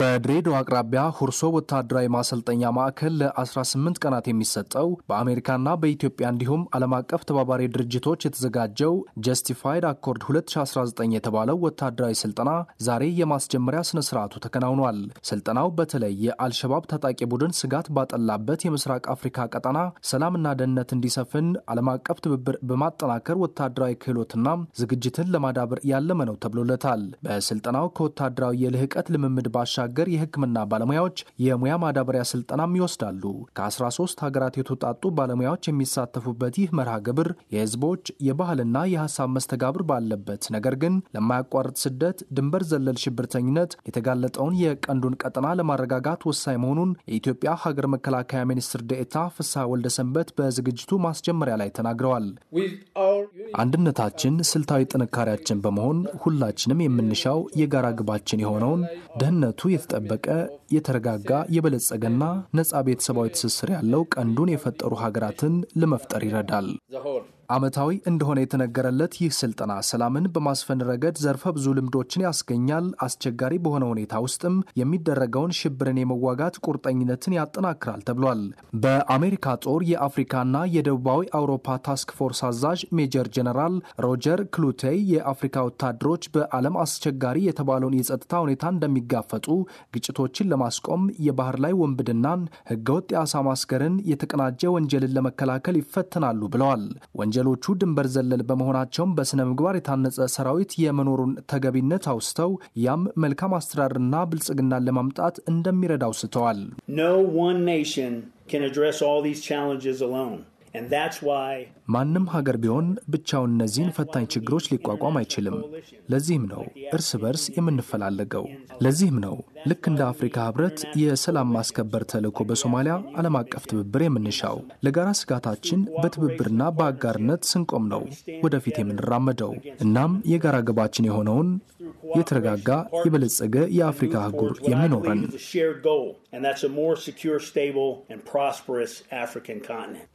በድሬዳዋ አቅራቢያ ሁርሶ ወታደራዊ ማሰልጠኛ ማዕከል ለ18 ቀናት የሚሰጠው በአሜሪካና በኢትዮጵያ እንዲሁም ዓለም አቀፍ ተባባሪ ድርጅቶች የተዘጋጀው ጀስቲፋይድ አኮርድ 2019 የተባለው ወታደራዊ ስልጠና ዛሬ የማስጀመሪያ ስነ ስርዓቱ ተከናውኗል። ስልጠናው በተለይ የአልሸባብ ታጣቂ ቡድን ስጋት ባጠላበት የምስራቅ አፍሪካ ቀጠና ሰላምና ደህንነት እንዲሰፍን ዓለም አቀፍ ትብብር በማጠናከር ወታደራዊ ክህሎትና ዝግጅትን ለማዳበር ያለመ ነው ተብሎለታል። በስልጠናው ከወታደራዊ የልህቀት ልምምድ ባሻ ባሻገር የሕክምና ባለሙያዎች የሙያ ማዳበሪያ ስልጠናም ይወስዳሉ። ከ13 ሀገራት የተውጣጡ ባለሙያዎች የሚሳተፉበት ይህ መርሃ ግብር የህዝቦች የባህልና የሀሳብ መስተጋብር ባለበት ነገር ግን ለማያቋርጥ ስደት፣ ድንበር ዘለል ሽብርተኝነት የተጋለጠውን የቀንዱን ቀጠና ለማረጋጋት ወሳኝ መሆኑን የኢትዮጵያ ሀገር መከላከያ ሚኒስትር ዴኤታ ፍስሐ ወልደሰንበት በዝግጅቱ ማስጀመሪያ ላይ ተናግረዋል። አንድነታችን ስልታዊ ጥንካሬያችን በመሆን ሁላችንም የምንሻው የጋራ ግባችን የሆነውን ደህንነቱ የተጠበቀ የተረጋጋ የበለጸገና ነጻ ቤተሰባዊ ትስስር ያለው ቀንዱን የፈጠሩ ሀገራትን ለመፍጠር ይረዳል። ዓመታዊ እንደሆነ የተነገረለት ይህ ስልጠና ሰላምን በማስፈን ረገድ ዘርፈ ብዙ ልምዶችን ያስገኛል። አስቸጋሪ በሆነ ሁኔታ ውስጥም የሚደረገውን ሽብርን የመዋጋት ቁርጠኝነትን ያጠናክራል ተብሏል። በአሜሪካ ጦር የአፍሪካና የደቡባዊ አውሮፓ ታስክ ፎርስ አዛዥ ሜጀር ጀነራል ሮጀር ክሉቴይ የአፍሪካ ወታደሮች በዓለም አስቸጋሪ የተባለውን የጸጥታ ሁኔታ እንደሚጋፈጡ፣ ግጭቶችን ለማስቆም የባህር ላይ ወንብድናን፣ ህገወጥ የአሳ ማስገርን፣ የተቀናጀ ወንጀልን ለመከላከል ይፈተናሉ ብለዋል። ወንጀሎቹ ድንበር ዘለል በመሆናቸውም በስነ ምግባር የታነጸ ሰራዊት የመኖሩን ተገቢነት አውስተው ያም መልካም አስተዳደርና ብልጽግናን ለማምጣት እንደሚረዳ አውስተዋል። ማንም ሀገር ቢሆን ብቻውን እነዚህን ፈታኝ ችግሮች ሊቋቋም አይችልም። ለዚህም ነው እርስ በርስ የምንፈላለገው። ለዚህም ነው ልክ እንደ አፍሪካ ህብረት የሰላም ማስከበር ተልዕኮ በሶማሊያ ዓለም አቀፍ ትብብር የምንሻው ለጋራ ስጋታችን በትብብርና በአጋርነት ስንቆም ነው ወደፊት የምንራመደው። እናም የጋራ ግባችን የሆነውን የተረጋጋ የበለጸገ የአፍሪካ አህጉር የሚኖረን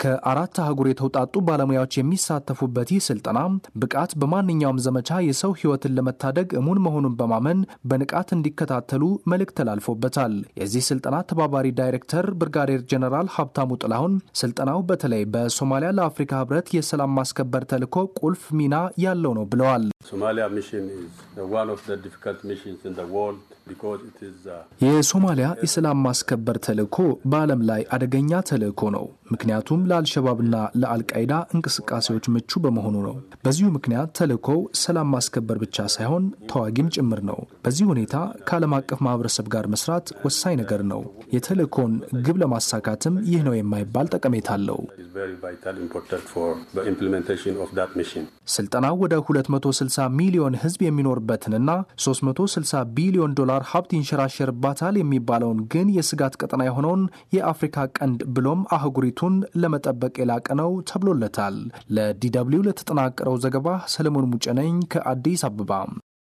ከአራት አህጉር የተውጣጡ ባለሙያዎች የሚሳተፉበት ይህ ስልጠና ብቃት በማንኛውም ዘመቻ የሰው ህይወትን ለመታደግ እሙን መሆኑን በማመን በንቃት እንዲከታተሉ መልእክት ተላልፎበታል። የዚህ ስልጠና ተባባሪ ዳይሬክተር ብርጋዴር ጀነራል ሀብታሙ ጥላሁን ስልጠናው በተለይ በሶማሊያ ለአፍሪካ ህብረት የሰላም ማስከበር ተልዕኮ ቁልፍ ሚና ያለው ነው ብለዋል። Uh, የሶማሊያ ኢስላም ማስከበር ተልእኮ በዓለም ላይ አደገኛ ተልእኮ ነው። ምክንያቱም ለአልሸባብና ለአልቃይዳ እንቅስቃሴዎች ምቹ በመሆኑ ነው። በዚሁ ምክንያት ተልእኮው ሰላም ማስከበር ብቻ ሳይሆን ተዋጊም ጭምር ነው። በዚህ ሁኔታ ከዓለም አቀፍ ማህበረሰብ ጋር መስራት ወሳኝ ነገር ነው። የተልእኮን ግብ ለማሳካትም ይህ ነው የማይባል ጠቀሜታ አለው። ስልጠናው ወደ 260 50 ሚሊዮን ህዝብ የሚኖርበትንና 360 ቢሊዮን ዶላር ሀብት ይንሸራሸርባታል የሚባለውን ግን የስጋት ቀጠና የሆነውን የአፍሪካ ቀንድ ብሎም አህጉሪቱን ለመጠበቅ የላቀ ነው ተብሎለታል። ለዲ ለተጠናቀረው ዘገባ ሰለሞን ሙጨነኝ ከአዲስ አበባ